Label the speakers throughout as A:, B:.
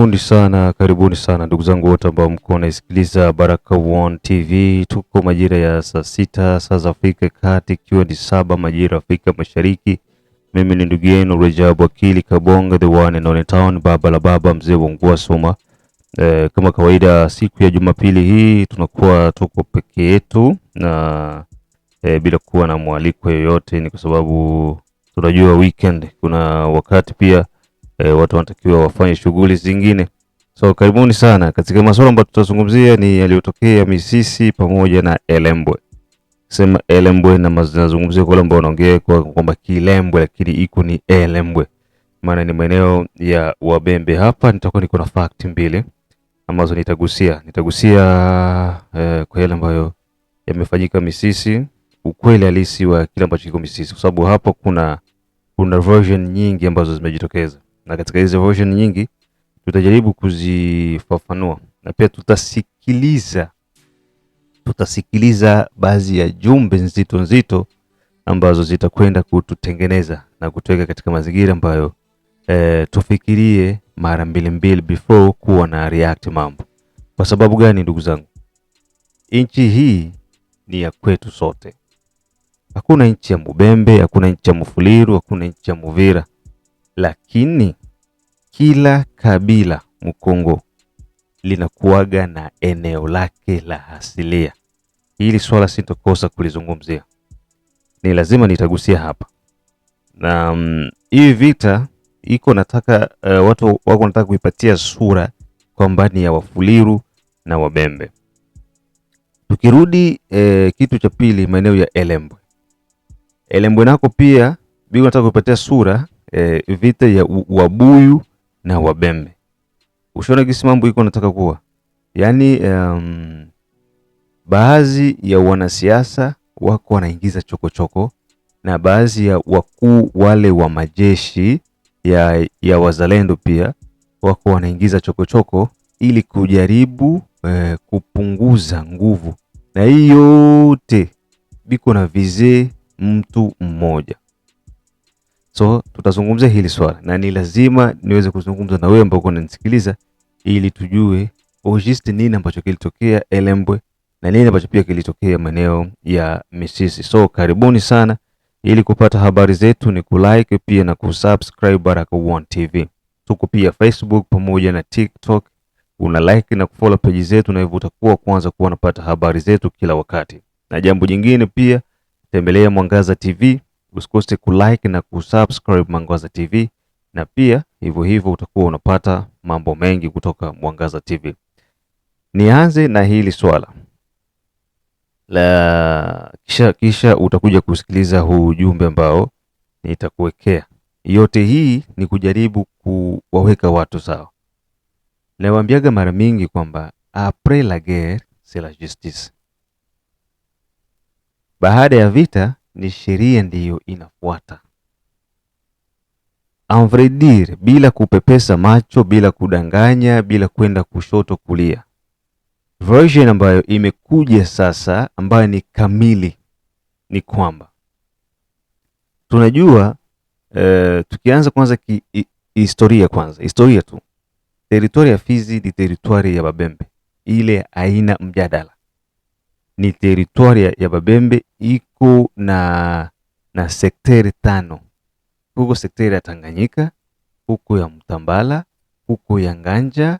A: Karibuni sana, karibuni sana ndugu zangu wote ambao mko naisikiliza baraka One TV. Tuko majira ya saa sita saa za Afrika Kati, ikiwa ni saba majira Afrika Mashariki. Mimi ni ndugu yenu Rajab Akili Kabonga, the one and only town, baba la baba, mzee wa soma. E, eh, kama kawaida siku ya Jumapili hii tunakuwa tuko peke yetu na e, bila kuwa na mwaliko yoyote, ni kwa sababu tunajua weekend kuna wakati pia e, watu wanatakiwa wafanye shughuli zingine. So karibuni sana katika masuala ambayo tutazungumzia ni yaliyotokea Misisi pamoja na Elembwe. Sema Elembwe na mazungumzia kwa ambao wanaongea kwa kwamba Kilembwe lakini iko ni Elembwe. Maana ni maeneo ya Wabembe. Hapa nitakuwa niko na fact mbili ambazo nitagusia. Nitagusia eh, kwa yale ambayo yamefanyika Misisi, ukweli halisi wa kile ambacho kiko Misisi, kwa sababu hapo kuna kuna version nyingi ambazo zimejitokeza na katika hizi version nyingi tutajaribu kuzifafanua na pia tutasikiliza tutasikiliza baadhi ya jumbe nzito nzito ambazo zitakwenda kututengeneza na kutuweka katika mazingira ambayo e, tufikirie mara mbili mbili before kuwa na react mambo. Kwa sababu gani, ndugu zangu? Nchi hii ni ya kwetu sote. Hakuna nchi ya Mubembe, hakuna nchi ya Mufuliru, hakuna nchi ya Muvira lakini kila kabila Mkongo linakuaga na eneo lake la asilia. Hili swala sitokosa kulizungumzia, ni lazima nitagusia hapa na um, mm, hii vita iko nataka uh, watu wako nataka kuipatia sura kwamba ni ya Wafuliru na Wabembe. Tukirudi eh, kitu cha pili, maeneo ya Elembwe. Elembwe nako pia biko nataka kuipatia sura e, vita ya Wabuyu na Wabembe. Ushaona gisi mambo iko nataka kuwa yaani, um, baadhi ya wanasiasa wako wanaingiza chokochoko na baadhi ya wakuu wale wa majeshi ya, ya wazalendo pia wako wanaingiza chokochoko ili kujaribu eh, kupunguza nguvu, na hii yote biko na vizee mtu mmoja So tutazungumzia hili swala na ni lazima niweze kuzungumza na wewe ambao unanisikiliza ili tujue just nini ambacho kilitokea Elembwe na nini ambacho pia kilitokea maeneo ya Misisi. So karibuni sana, ili kupata habari zetu ni kulike pia na kusubscribe baraka One TV. Tuko pia Facebook pamoja na TikTok, una like na kufollow page zetu, na hivyo utakuwa kwanza kuwa unapata habari zetu kila wakati. Na jambo jingine pia, tembelea Mwangaza TV usikose kulike na kusubscribe Mwangaza TV, na pia hivyo hivyo utakuwa unapata mambo mengi kutoka Mwangaza TV. Nianze na hili swala la kisha, kisha utakuja kusikiliza huu ujumbe ambao nitakuwekea. Yote hii ni kujaribu kuwaweka watu sawa. Nawaambiaga mara mingi kwamba après ah, la guerre c'est la justice, baada ya vita ni sheria ndiyo inafuata. Enverdir, bila kupepesa macho, bila kudanganya, bila kwenda kushoto kulia. Version ambayo imekuja sasa, ambayo ni kamili, ni kwamba tunajua uh, tukianza kwanza ki, historia kwanza, historia tu, teritwari ya Fizi ni teritwari ya Babembe, ile aina mjadala, ni teritwari ya Babembe iko na na sekteri tano. Huko sekteri ya Tanganyika, huko ya Mtambala, huko ya Nganja,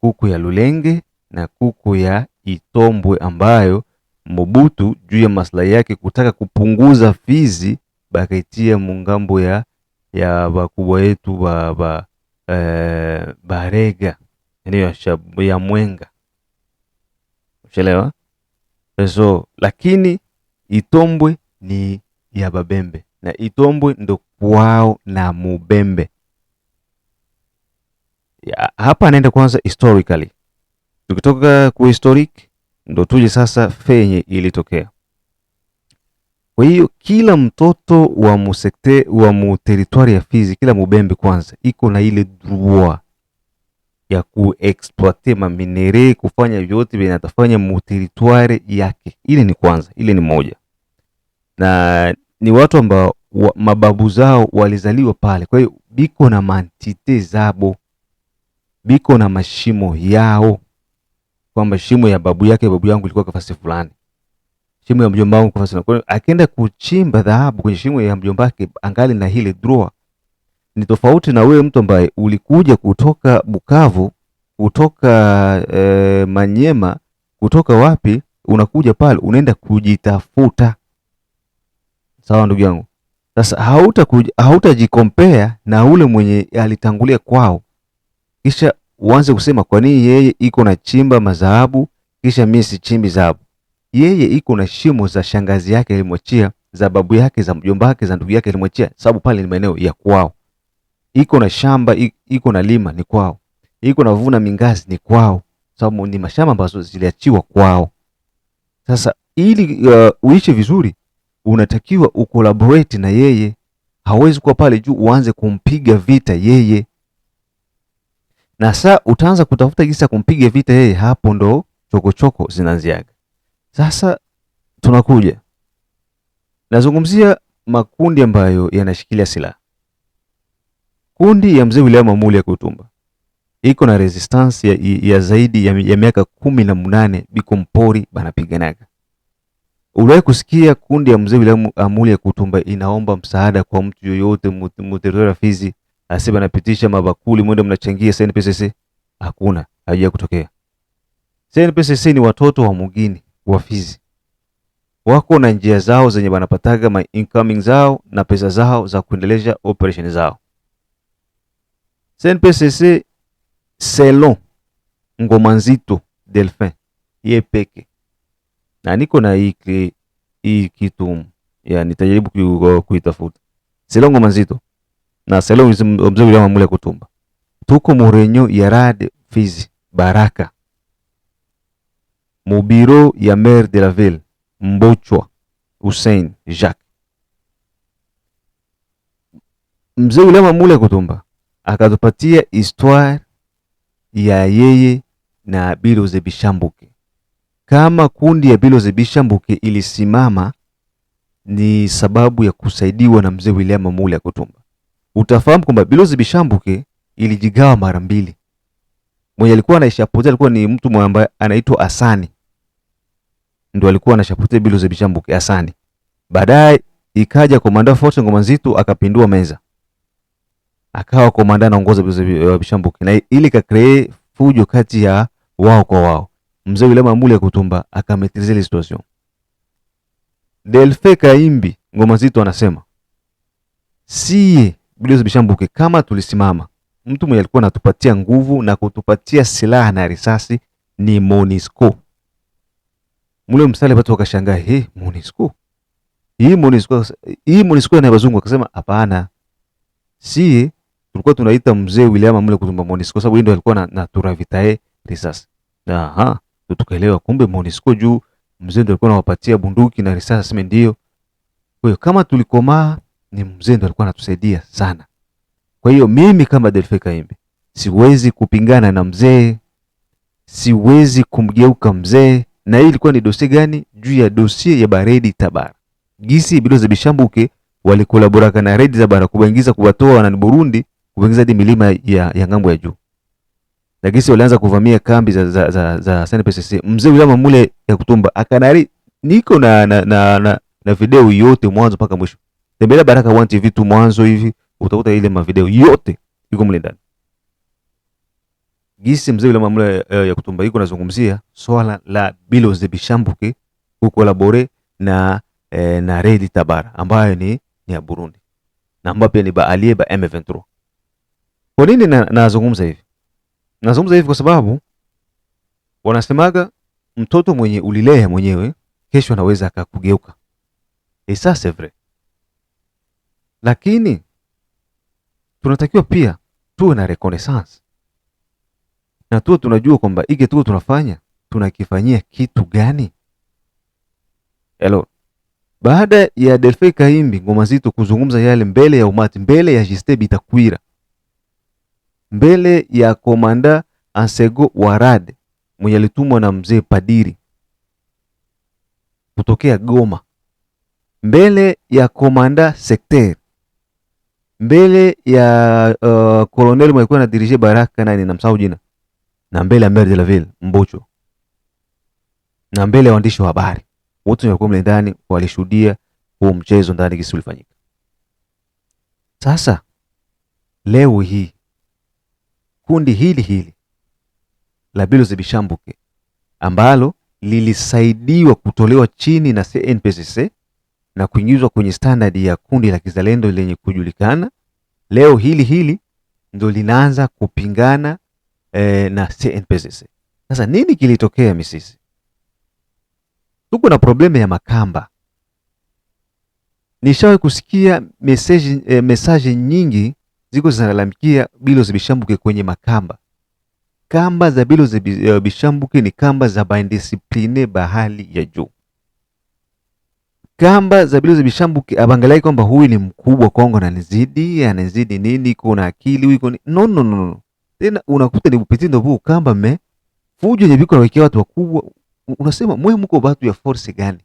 A: huko ya Lulenge na huko ya Itombwe ambayo Mobutu juu ya maslahi yake kutaka kupunguza fizi bakaitia mungambo ya ya wakubwa wetu ba, ba, e, eh, Barega ya, ya Mwenga, ushelewa so, lakini Itombwe ni ya Babembe na Itombwe ndo kwao na Mubembe ya, hapa anaenda kwanza historically. Tukitoka ku historic ndo tuje sasa fenye ilitokea. Kwa hiyo kila mtoto wa musekte wa mu ya Fizi, kila Mubembe kwanza iko na ile dua ya kuexploite maminere kufanya vyote vinatafanya mu yake. Ile ni kwanza, ile ni moja na ni watu ambao wa, mababu zao walizaliwa pale, kwa hiyo biko na mantite zabo, biko na mashimo yao, kwamba shimo ya babu yake babu yangu ilikuwa kafasi fulani, shimo ya mjomba wangu kafasi fulani. Kwa hiyo akienda kuchimba dhahabu kwenye shimo ya mjomba wake, angali na hile drawer. Ni tofauti na wewe mtu ambaye ulikuja kutoka Bukavu, kutoka e, Manyema, kutoka wapi, unakuja pale unaenda kujitafuta Sawa ndugu yangu. Sasa hautajicompare hauta na ule mwenye alitangulia kwao, kisha uanze kusema kwa nini yeye iko na chimba mazahabu kisha mimi sichimbi zahabu. Yeye iko na shimo za shangazi yake alimwachia, za babu yake, za mjomba wake, za ndugu yake alimwachia, sababu pale ni maeneo ya kwao. Iko na shamba, iko na lima, ni kwao. Iko na vuna mingazi, ni kwao, sababu ni mashamba ambazo ziliachiwa kwao. Sasa ili uh, uishi vizuri unatakiwa ukolaborate na yeye. Hawezi kuwa pale juu uanze kumpiga vita yeye, na saa utaanza kutafuta jinsi ya kumpiga vita yeye, hapo ndo chokochoko zinaanziaga. Sasa tunakuja, nazungumzia makundi ambayo yanashikilia silaha. Kundi ya mzee William Amuli ya Kutumba iko na resistance ya, ya zaidi ya, ya miaka kumi na mnane biko mpori banapiganaga Uliwahi kusikia kundi ya Mzee William Amuri Kutumba inaomba msaada kwa mtu yoyote mteritoria ya Fizi, asema anapitisha mabakuli mwende mnachangia SNPCC? Hakuna, haija kutokea. SNPCC ni watoto wa mugini wa Fizi, wako na njia zao zenye wanapataga ma incoming zao na pesa zao za kuendeleza operation zao. SNPCC selon Ngoma Nzito Delphin na niko na hii hii kitu ya nitajaribu kuitafuta selongo manzito na selongo mzee William mule kutumba tuko murenyo ya rad Fizi Baraka mubiro ya maire de la ville Mbochwa Hussein Jacques mzee William Mule kutumba akatupatia histoire ya yeye na biro Bishambuke kama kundi ya Billio's Bishambuke ilisimama ni sababu ya kusaidiwa na mzee William Mamule Kutumba. Utafahamu kwamba Billio's Bishambuke ilijigawa mara mbili. Mwenye alikuwa anaishapotea alikuwa ni mtu mmoja ambaye anaitwa Asani. Ndio alikuwa anashapotea Billio's Bishambuke Asani. Baadaye ikaja komanda Fort Ngoma Nzito akapindua meza. Akawa komanda anaongoza Billio's Bishambuke na ili kakree fujo kati ya wao kwa wao mzee William Ambule Kutumba akametrize ile situation. Delfe Kaimbi ngoma zito anasema si Biliozi Bishambuke, kama tulisimama, mtu mwenye alikuwa anatupatia nguvu na kutupatia silaha na risasi ni Monisco. Mule msale watu wakashangaa, he, Monisco hii Monisco hii Monisco na wazungu wakasema hapana, si tulikuwa tunaita mzee William Ambule Kutumba Monisco, sababu ndio alikuwa na, na turavitae risasi. Aha. Uh -huh. Ndio tukaelewa kumbe MONUSCO juu mzee ndio alikuwa anawapatia bunduki na risasi, sema ndio. Kwa hiyo kama tulikomaa ni mzee ndio alikuwa anatusaidia sana. Kwa hiyo mimi kama Delfe Kaimbe siwezi kupingana na mzee, siwezi kumgeuka mzee. Na hii ilikuwa ni dosie gani? Juu ya dosie ya baredi Tabara, gisi bilo za Bishambuke walikolaboraka na redi za bara kubaingiza kuwatoa wanani Burundi kubaingiza hadi milima ya, ya ngambo ya juu. Lakini walianza kuvamia kambi za za za, za za SNPCC. Mzee William Mule ya Kutumba akanari niko na na, na na na, video yote mwanzo mpaka mwisho. Tembelea Baraka One TV tu mwanzo hivi utakuta ile mavideo yote iko mle ndani. Gisi mzee William Mule uh, ya Kutumba iko nazungumzia swala la Biloze Bishambuke huko kukolabore na eh, na Redi Tabara ambayo ni ni ya Burundi na ambayo pia ni aliye ba M23. Kwa nini nazungumza na hivi? Nazungumza hivi kwa sababu wanasemaga mtoto mwenye ulilea mwenyewe kesho anaweza akakugeuka. Esa sevre. Lakini tunatakiwa pia tuwe na reconnaissance na tuwe tunajua kwamba ige tuko tunafanya tunakifanyia kitu gani. Hello. Baada ya Delphi kaimbi ngoma zito kuzungumza yale mbele ya umati, mbele ya Justin Bitakwira mbele ya komanda Ansego Warad mwenye alitumwa na mzee Padiri kutokea Goma, mbele ya komanda Sekter, mbele ya uh, uh, mwenye alikuwa anadirije Baraka nani namsahau jina, na mbele ya Maire de la Ville Mbocho, na mbele ya waandishi wa habari wote walikuwa mle ndani, walishuhudia huo mchezo ndani, kisi ulifanyika. Sasa leo hii kundi hili hili la Bilozebishambuke ambalo lilisaidiwa kutolewa chini na CNPSC na kuingizwa kwenye standard ya kundi la kizalendo lenye kujulikana. Leo hili hili ndo linaanza kupingana e, na CNPSC. Sasa nini kilitokea Misisi? Tuko na problemu ya Makamba. Nishawahi kusikia message, e, message nyingi ziko zinalalamikia Billiozi Bishambuke kwenye makamba. Kamba za Billiozi eh, Bishambuke ni kamba za bandisipline bahali ya juu. Kamba za Billiozi Bishambuke abangalai kwamba huyu ni mkubwa Kongo na nizidi anazidi nini, kuna akili huyu ni no, no, no. no. Tena unakuta ni upitindo huu kamba me fujo yenye biko nawekea watu wakubwa, unasema mwe mko watu ya force gani?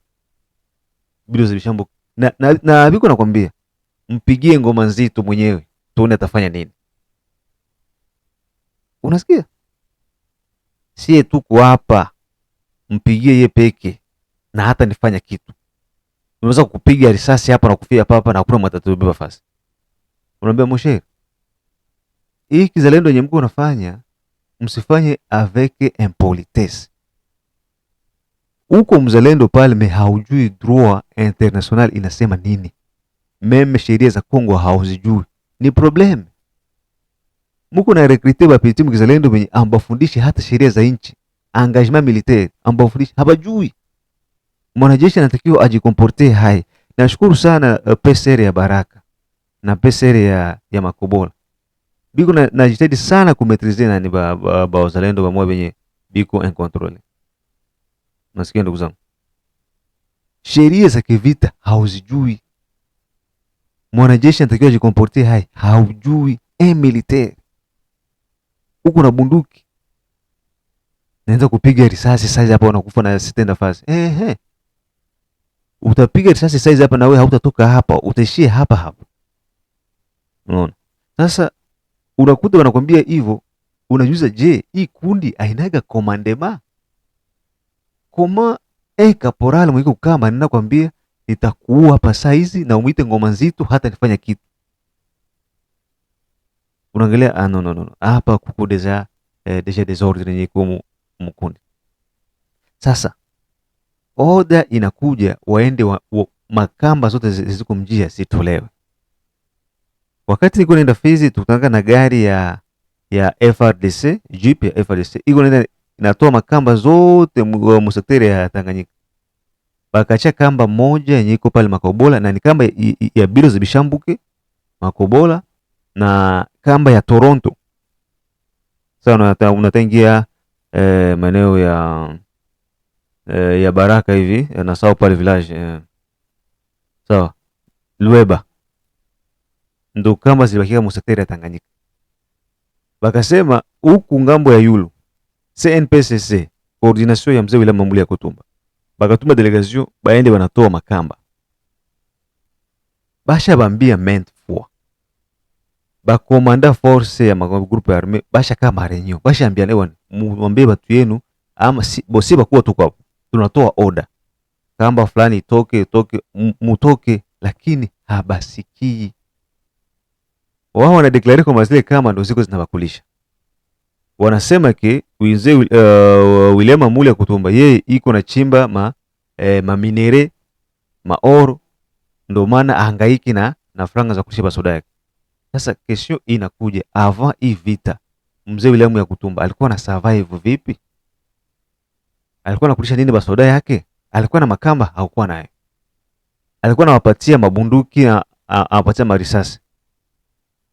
A: Billiozi Bishambuke na na, na biko nakwambia mpigie ngoma nzito mwenyewe tuone atafanya nini. Unasikia? Sie tu kuapa mpigie ye peke na hata nifanya kitu. Unaweza kukupiga risasi hapa na kufia hapa hapa na kuna matatizo bafasi. Unaambia mshe hii kizalendo yenye mko unafanya msifanye avec impolitesse. Uko mzalendo pale, me haujui droit international inasema nini, meme sheria za Kongo hauzijui ni problem. Muko na recruiter bapiti mukizalendo benye ambafundishe hata sheria za nchi, engagement militaire, ambafundishe habajui. Mwanajeshi anatakiwa ajikomporte hai. Nashukuru sana uh, PSR ya Baraka na PSR ya ya Makobola. Biko na, na jitahidi sana kumetrize ni ba, ba, ba wazalendo ba moja benye biko en control. Nasikia ndugu zangu. Sheria za kivita hauzijui. Mwanajeshi anatakiwa ajikomporte hai, haujui e militaire huko na bunduki, naanza kupiga risasi size hapa, wanakufa na sitenda fast. Ehe, utapiga risasi size hapa na wewe hautatoka hapa, utaishia hapa hapa. Unaona, sasa unakuta wanakwambia hivyo, unajuza je, hii kundi ainaga komandema koma e kaporali mwiko kama ninakwambia nitakuua hapa saizi na umwite ngoma nzito hata nifanya kitu. Unaangalia ah, no, no, no. Hapa kuko deja eh, deja desordre yenye kumu mkundi. Sasa oda inakuja waende wa, wa, makamba zote ziko mjia zitolewe. Wakati niko naenda Fizi tukanga na gari ya ya FRDC, jeep ya FRDC. Iko naenda inatoa makamba zote mu ya Tanganyika bakacha kamba moja yenye iko pale makobola na ni kamba ya bilo Zibishambuke makobola na kamba ya Toronto. Sasa unatangia e, maeneo ya e, ya Baraka hivi eh, na Sao pale village e. Sawa, Lweba ndo kamba zilibakika musekteri ya Tanganyika. Bakasema huku ngambo ya yulu CNPCC, koordination ya mzee William Mamuli ya Kutumba bakatuma delegation baende banatoa makamba basha bambia ment fua bakomanda force ya magrupu ya arme basha kama marenyo basha ambia lewa mwambie batu yenu ama si, bosi bakuwa tu tunatoa oda kamba fulani itoke itoke mutoke, lakini habasikii wao wanadeklare kwa mazile kama ndo ziko zinabakulisha wanasema ke uize uh, eh, Wilema Muli Akutumba yeye iko na chimba ma eh, ma oro ndo maana ahangaiki na na franga za kushiba soda yake. Sasa kesho inakuja avant hii vita, mzee Wilema ya Kutumba alikuwa na survive vipi? Alikuwa anakulisha nini basoda yake? Alikuwa na makamba? Hakuwa naye. Alikuwa anawapatia mabunduki na anawapatia marisasi.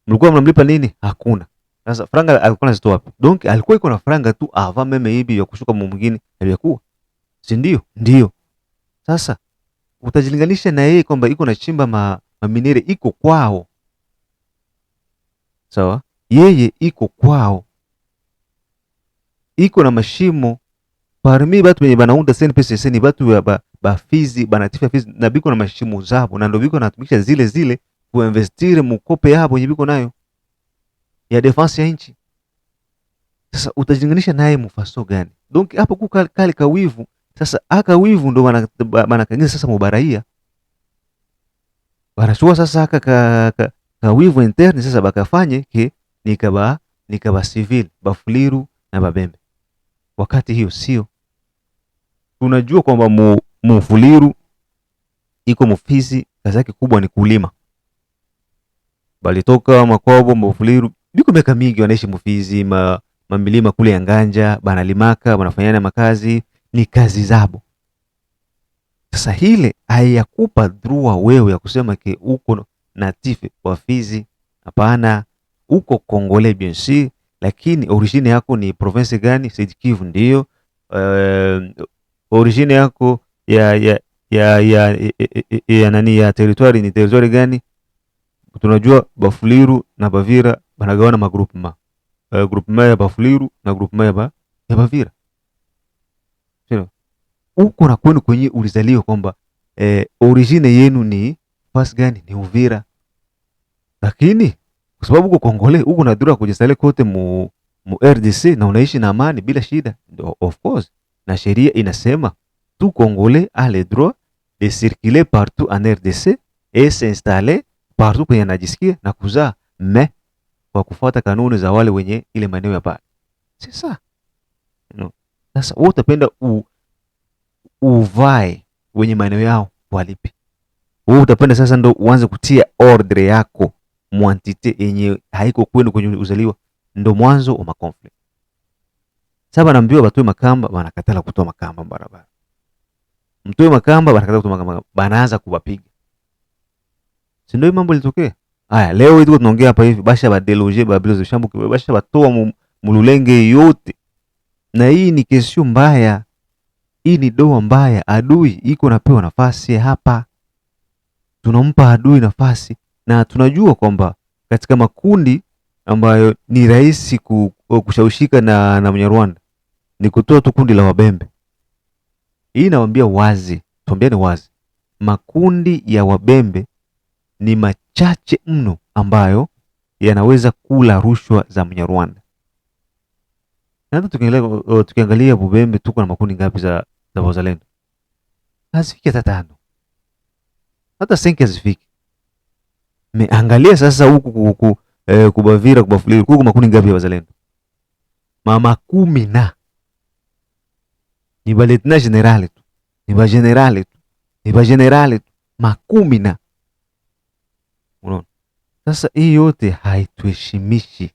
A: Mlikuwa mnamlipa nini? Hakuna. Sasa franga alikuwa anazitoa wapi? Donc alikuwa iko na franga tu ava meme hivi ya kushuka mwingine aliyekuwa. Si ndio? Ndio. Sasa utajilinganisha na yeye kwamba iko na chimba ma, ma minere iko kwao. Sawa? Yeye iko kwao. Iko na mashimo parmi batu wenye banaunda SNPCC ni batu ya ba, ba fizi banatifia fizi na biko na mashimo zabo na ndio biko natumikisha zile zile kuinvestire mukope yabo yebiko nayo ya defense ya nchi. Sasa utajilinganisha naye Mufaso gani? Donc hapo kuka kale kawivu sasa, aka wivu ndo bana bana sasa mubaraia. Wanachua sasa aka ka, ka, ka wivu interne sasa bakafanye ke nikaba nikaba civil bafuliru na babembe. Wakati hiyo sio. Tunajua kwamba mu, mufuliru iko Mufizi kazi yake kubwa ni kulima. Balitoka Makobo, Mufuliru biko miaka mingi wanaishi Mufizi ma, mamilima kule ya Nganja banalimaka wanafanyana makazi, ni kazi zabo. Sasa hile ayakupa drua wewe ya kusema ke uko natife wa Fizi, hapana, uko Kongole bien sûr, lakini origine yako ni province gani? Sud Kivu ndio. Uh, origine yako ya ya ya ya, ya, ya, ya, ya, ya territoire ni territoire gani? Tunajua Bafuliru na Bavira banagawana magroupement uh, groupement ya Bafuliru na groupement ya ba, ya Bavira sio huko na kwenu kwenye ulizaliwa kwamba eh, origine yenu ni fasi gani? Ni Uvira, lakini kwa sababu uko Kongole huko na dura kujisalia kote mu, mu RDC na unaishi na amani bila shida, of course na sheria inasema tu kongole a le droit de circuler partout en RDC et s'installer partout kwenye anajisikia na kuzaa mais kwa kufuata kanuni za wale wenye ile maeneo ya pale. Sasa No. Sasa wewe utapenda u, uvae wenye maeneo yao walipi. Wewe utapenda sasa ndo uanze kutia ordre yako mwantite yenye haiko kwenu kwenye uzaliwa, ndo mwanzo wa makonflikt. Sasa naambiwa batoe makamba, wanakatala kutoa makamba barabara. Mtoe makamba, wanakatala kutoa makamba, banaanza kuwapiga. Si ndio mambo yalitokea? Aya, leo hii tuko tunaongea hapa hivi basha badeloge babiloze kwa basha batoa mululenge yote, na hii ni kesi mbaya, hii ni doa mbaya. Adui iko napewa nafasi hapa, tunampa adui nafasi, na tunajua kwamba katika makundi ambayo ni rahisi eh, kushawishika na, na Mnyarwanda ni kutoa tu kundi la Wabembe. Hii nawaambia wazi, tuambiane wazi, makundi ya Wabembe ni machache mno ambayo yanaweza kula rushwa za Mnyarwanda. hata tukiangalia Bubembe tuko na makundi ngapi za za wazalendo? Hazifiki hata tano. Hata senki hazifiki. Meangalia sasa huku kuku eh, kubavira kubafuliri huku makundi ngapi ya wazalendo? Mama kumi na ni baletna generale tu. Ni ba generale tu. Ni ba generale tu. Makumi na sasa hii yote haituheshimishi.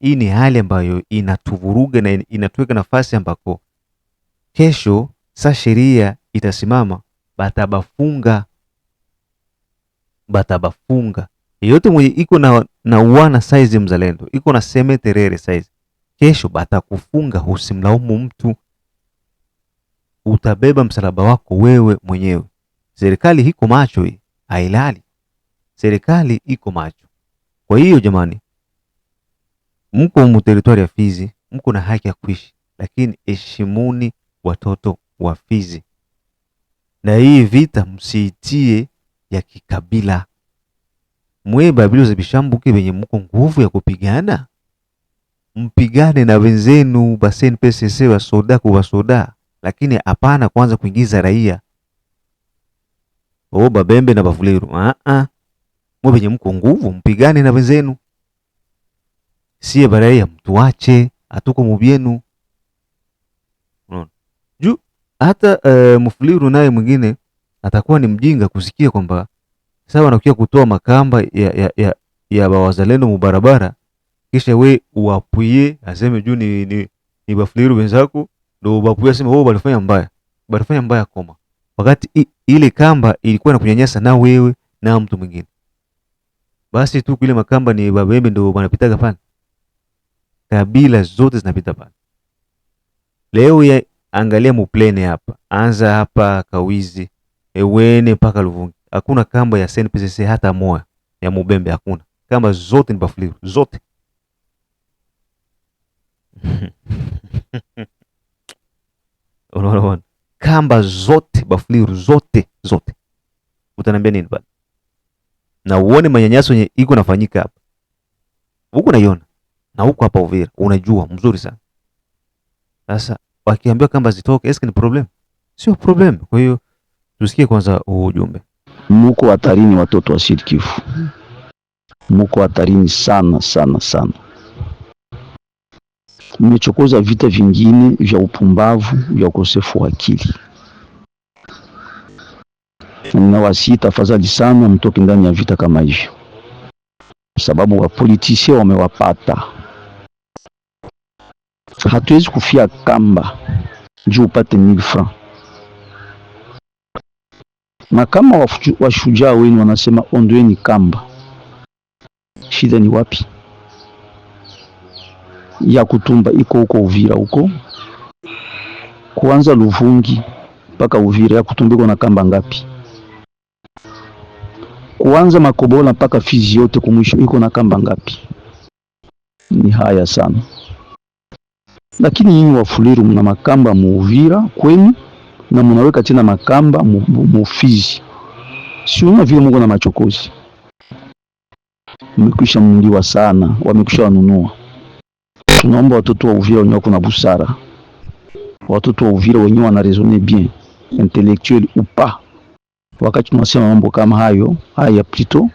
A: Hii ni hali ambayo inatuvuruga na inatuweka nafasi ambako kesho sa sheria itasimama, batabafunga batabafunga yeyote mwenye iko na, na uwana size mzalendo iko na seme terere size kesho batakufunga. Usimlaumu mtu, utabeba msalaba wako wewe mwenyewe. Serikali hiko macho hii, ailali serikali iko macho. Kwa hiyo jamani, mko mteritori ya Fizi, mko na haki ya kuishi, lakini heshimuni watoto wa Fizi, na hii vita msiitie ya kikabila. Mwe za bishambuke wenye mko nguvu ya kupigana, mpigane na wenzenu basen PCC wa soda kwa soda, lakini hapana kwanza kuingiza raia o oh, babembe na bafuleru. Ah ah, mwe venye mko nguvu, mpigane na wenzenu, siye baraiya mtuache, hatuko mubyenu. Unaona juu hata uh, eh, mfuliru naye mwingine atakuwa ni mjinga kusikia kwamba sawa wanakuja kutoa makamba ya, ya, ya, ya bawazalendo mubarabara, kisha we uwapuye aseme juu ni, ni, ni bafuliru wenzako ndo ubapuye aseme oh, wao balifanya mbaya, balifanya mbaya koma, wakati ile kamba ilikuwa na kunyanyasa na wewe na mtu mwingine basi tu kule Makamba ni Babembe ndio wanapitaga pale, kabila zote zinapita pale. Leo ya angalia muplene hapa, anza hapa Kawizi, Ewene mpaka Luvungi, hakuna kamba ya SNPCC hata moja ya Mubembe, hakuna kamba, zote ni Bafuliru zote unaona kamba zote Bafuliru zote zote, utaniambia nini bwana? na uone manyanyaso yenye iko nafanyika hapa. Huko naiona na huko hapa Uvira, unajua mzuri sana. Sasa wakiambiwa kamba zitoke, eske ni problem? Sio problem. Kwa hiyo tusikie kwanza huu ujumbe.
B: Muko hatarini, watoto wa Sud Kivu muko hatarini sana sana sana. Mmechokoza vita vingine vya upumbavu vya ukosefu wa akili. Ninawasihi tafadhali sana, mtoke ndani ya vita kama hivyo, kwa sababu wapolitisie wamewapata. Hatuwezi kufia kamba juu upate mil franc, na kama washujaa wenu wanasema ondoeni kamba, shida ni wapi? ya kutumba iko huko Uvira huko kuanza Luvungi mpaka Uvira, ya kutumba iko na kamba ngapi? kuanza Makobola mpaka Fizi yote kumwisho iko na kamba ngapi? Ni haya sana, lakini nyinyi Wafuliru mna makamba muuvira kwenu na munaweka tena makamba mufizi, siona vile muko na machokozi. Mmekwisha mliwa sana, wamekwisha wanunua. Tunaomba watoto wa Uvira wenyewe wako na busara, watoto wa Uvira wenyewe wanaresone bien intellectuel pas Wakati tunasema mambo kama hayo haya pito,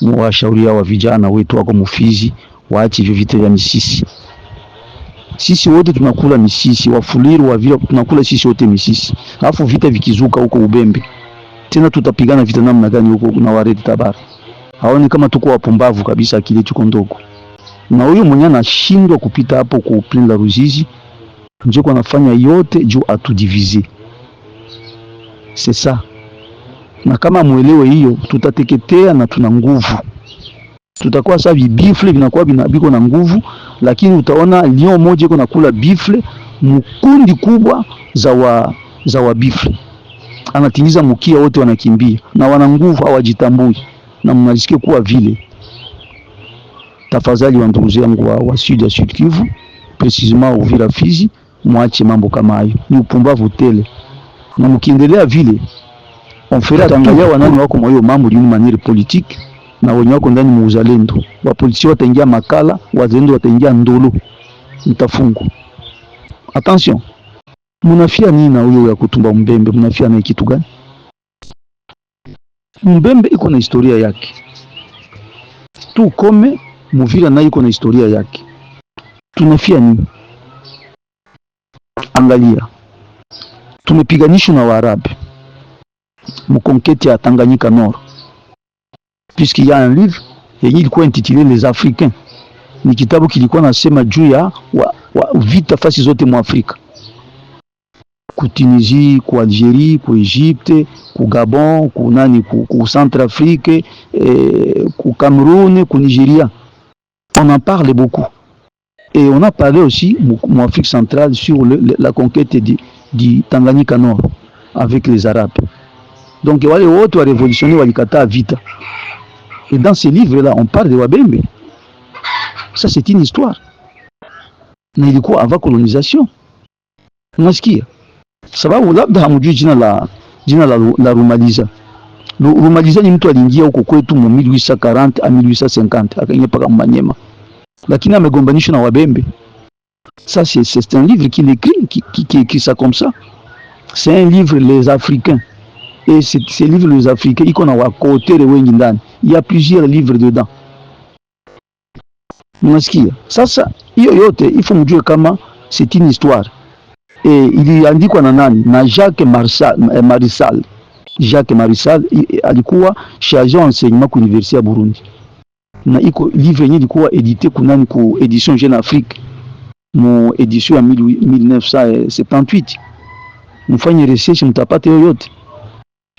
B: muwashauria wa vijana wetu wako Mufizi waache hivyo vitu vya misisi. Sisi wote tunakula misisi, wafuliru wa vile tunakula sisi wote misisi. Alafu vita vikizuka huko Ubembe tena tutapigana vita namna gani huko na wareti Tabara? Haoni kama tuko wapumbavu kabisa, akili chuko ndogo. Na huyo mwenye anashindwa kupita hapo kwa uplinda Ruzizi njoko anafanya yote juu atudivize. C'est ça na kama mwelewe hiyo, tutateketea na tuna nguvu, tutakuwa sasa bifle vinakuwa biko na nguvu, lakini utaona lion moja iko nakula bifle mkundi kubwa za wa, za wa bifle anatimiza mkia wote, wanakimbia na wana nguvu, hawajitambui na mnajisikia kuwa vile. Tafadhali wa ndugu zangu wa, wa Sud ya Sud Kivu precisement Uvira Fizi, mwache mambo kama hayo, ni upumbavu tele, na mkiendelea vile Onfere tangalia wanani wako mwa hiyo mambo liuni maniri politique na wenye wako ndani mwa uzalendo. Wapolisi wataingia makala, wazalendo wataingia ndolo mtafungu. Attention. Munafia nini na huyo ya kutumba mbembe? Munafia na kitu gani? Mbembe iko na historia yake. Tu kome Muvira na iko na historia yake. Tunafia nini? Angalia. Tumepiganishwa na Waarabu conquête à Tanganyika Nord, puisqu'il y a un livre il quoi intitulé Les Africains. Ni kitabu kilikuwa nasema juu ya vita fasi zote mwa Afrika, ku Tunisie, ku Algérie, ku Egypte, ku Gabon, ku nani, ku Centre Afrique, eh, Cameroun, ku Nigeria. On en parle beaucoup. Et on a parlé aussi, en Afrique centrale, sur la conquête de du Tanganyika Nord avec les Arabes. Donc wale wote wa révolutionnaire walikataa vita. Et dans ce livre-là, on parle de Wabembe. Ça, c'est une histoire. Na ilikuwa avant colonisation. Unasikia? Sababu labda hamjui jina la jina la, la Rumaliza. Rumaliza ni mtu aliingia huko kwetu mu 1840 a 1850 akaingia mpaka Manyema, lakini amegombanishwa na Wabembe. Ça c'est un livre qui écrit qui, qui, qui, qui ça comme ça. C'est un livre les Africains et ces livres les Africains iko na wakotere wengi ndani, ya plusieurs livres dedans. Mnasikia? Sasa hiyo yote ifo mjue kama c'est une histoire e, iliandikwa na nani? Na Jacques Marsal, Marisal. Jacques Marisal alikuwa chargé enseignement ku université ya Burundi, na iko livre yenyewe ilikuwa edité kunani ku édition Jeune Afrique mu édition ya 1978. Mfanye recherche mtapata yoyote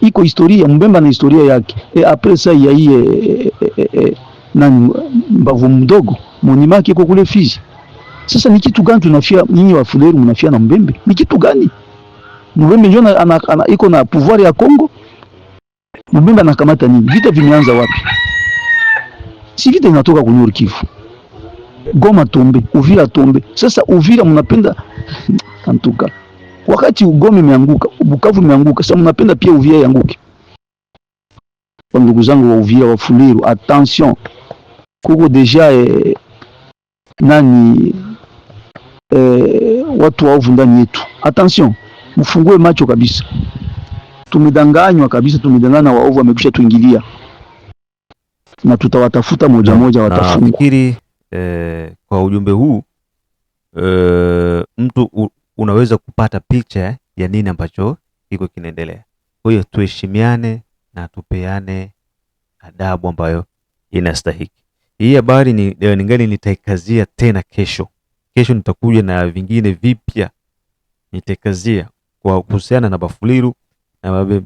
B: iko historia Mbemba na historia yake e, apresa ya iye e, e, e, e, e nani mbavu mdogo monima yake iko kule Fizi. Sasa ni kitu gani tunafia nyinyi wa Fuleru mnafia na Mbembe? Ni kitu gani? Mbembe ndio iko na pouvoir ya Kongo. Mbembe anakamata nini? Vita vimeanza wapi? Si vita inatoka kwenye Nord Goma tombe, Uvira tombe. Sasa Uvira mnapenda antuka Wakati ugome imeanguka, Bukavu imeanguka, sasa mnapenda pia Uvira ianguke. Kwa ndugu zangu wa Uvira wa Fuliru, attention kuko deja e, nani e, watu waovu ndani yetu. Attention, mfungue macho kabisa, tumedanganywa kabisa, tumedangana. Waovu wamekwisha tuingilia na tutawatafuta moja moja, watafungwa.
A: Nafikiri eh, kwa ujumbe huu eh, mtu unaweza kupata picha ya nini ambacho iko kinaendelea. Kwa hiyo tuheshimiane na tupeane adabu ambayo inastahiki. Hii habari ni ningali nitaikazia tena kesho. Kesho nitakuja na vingine vipya nitaikazia kwa kuhusiana na Bafuliru na babe,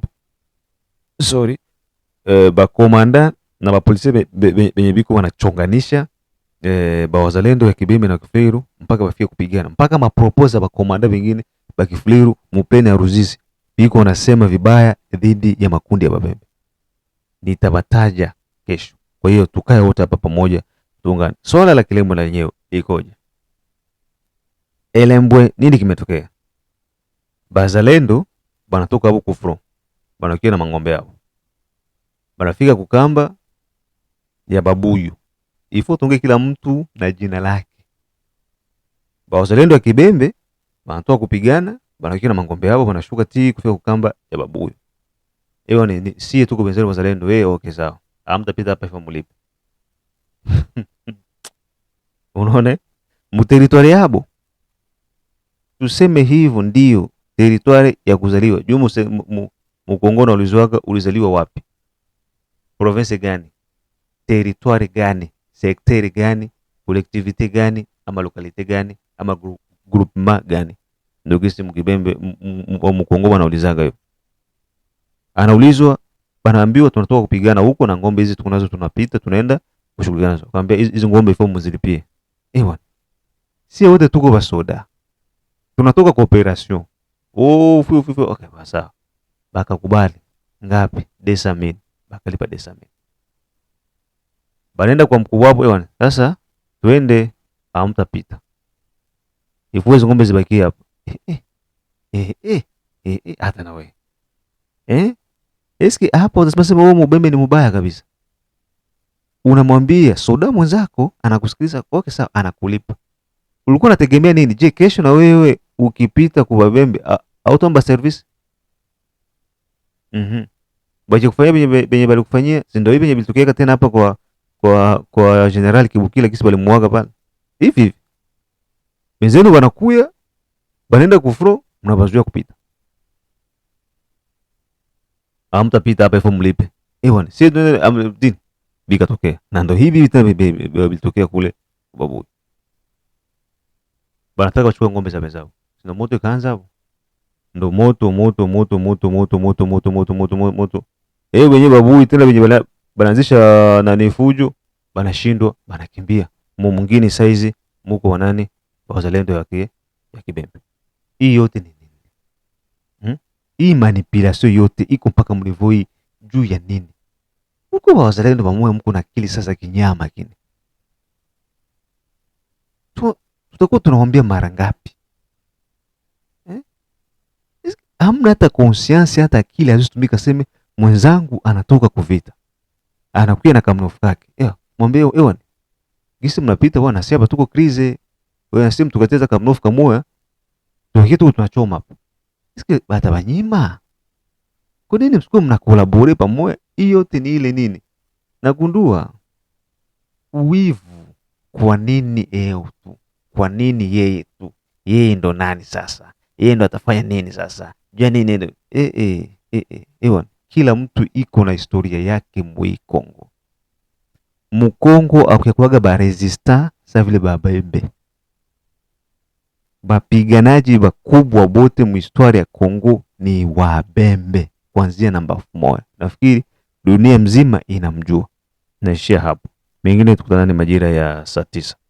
A: sorry, uh, eh, bakomanda na bapolisi benye biko wanachonganisha e, bawazalendo ya Kibembe na Kifeiru mpaka bafie kupigana mpaka maproposa ba komanda vingine ba kifiru mupeni ya Ruzizi biko wanasema vibaya dhidi ya makundi ya Babembe. Nitabataja kesho. Kwa hiyo tukae wote hapa pamoja tuungane. Swala la Kilembwe la yenyewe ikoje? Elembwe nini kimetokea? Bazalendo banatoka hapo kufro. Banakia na mang'ombe yao. Banafika kukamba ya babuyu ifo tunge kila mtu na jina lake. Bawazalendo wa Kibembe banatoa kupigana, banawekea na mangombe yao, banashuka ti kufika kukamba ya babuyu. Ewa ni, ni sie tuko benzeni wazalendo wewe oke zao. pita hapa ifa mulipe. Unaona? Mu territoire yabo. Tuseme hivyo ndio territoire ya kuzaliwa. Jumu mukongona ulizwaka ulizaliwa wapi? Province gani? Territoire gani? sekteri gani, kolektivite gani, ama lokalite gani, ama groupema gani? Ndio gesi mkibembe wa mkongo anaulizaga hiyo, anaulizwa anaambiwa tunatoka kupigana huko na ng'ombe hizi tunazo, tunapita tunaenda kushughulika nazo. Kaambia hizi ng'ombe ifo muzilipie. Ewa, eh, si wote tuko basoda, tunatoka kwa operation. Oh, fufu fufu, okay, basa bakakubali ngapi? Desa bakalipa desa Banaenda kwa mkubwa wapo bwana. Yaani, sasa twende, hamtapita. Ifue hizo ng'ombe zibaki hapo eh eh, eh eh eh eh, hata na wewe. Eh? Eski eh, hapo utasema wewe mbembe ni mbaya kabisa. Unamwambia soda mwenzako anakusikiliza, okay sawa, anakulipa. Ulikuwa unategemea nini? Je, kesho na wewe ukipita kwa babembe automba service? Mhm. Mm, baje kufanya benye benye bali kufanyia, si ndio? Hivi benye bilitokea tena hapa kwa kwa kwa General Kibukila kisi walimuaga pale hivi hivi, wenzenu wanakuya banenda kufro, mnabazuia kupita, Amta pita hapa fomu lipe. ewan si amdini vikatokea, na ndo hivi tena vilitokea kule babu, banataka wachukue ng'ombe za mezao. sina moto ikaanza hapo ndo moto moto moto moto moto moto moto moto moto moto moto, eh wenye babu tena wenye banaanzisha nani fujo, banashindwa, banakimbia. Mu mwingine saizi muko wanani wazalendo ya ki ya Kibembe. Hii yote ni nini? Hmm? Hii manipulation yote iko mpaka mlivoi juu ya nini? Muko wa wazalendo wamoya, mko na akili sasa kinyama kini. Tu tutakuwa tunawaambia mara ngapi? Eh? Hamna hata konsiansi hata akili azitumika, seme mwenzangu anatoka kuvita anakuja na kamnofu kake. Ewa, eh, mwambie ewa. Gisi mnapita bwana, sasa hapa tuko krize. Wewe nasimu tukateza kamnofu kamoya. Tukikia tuko tunachoma hapa. Sikia bata banyima. Kwa nini msikuwa mnakolabore pamoja? Hiyo yote ni ile nini? Nagundua uwivu kwa nini eo tu? Kwa nini yeye tu? Yeye ndo nani sasa? Yeye ndo atafanya nini sasa? Jua nini ndo? Eh eh eh eh. Ewan kila mtu iko na historia yake mwikongo mukongo akuyakwaga ba resista sa vile babembe bapiganaji bakubwa bote historia ya Kongo ni wabembe kuanzia namba elfu moja. Nafikiri dunia mzima inamjua. Naishia hapo, mengine tukutana ni majira ya saa tisa.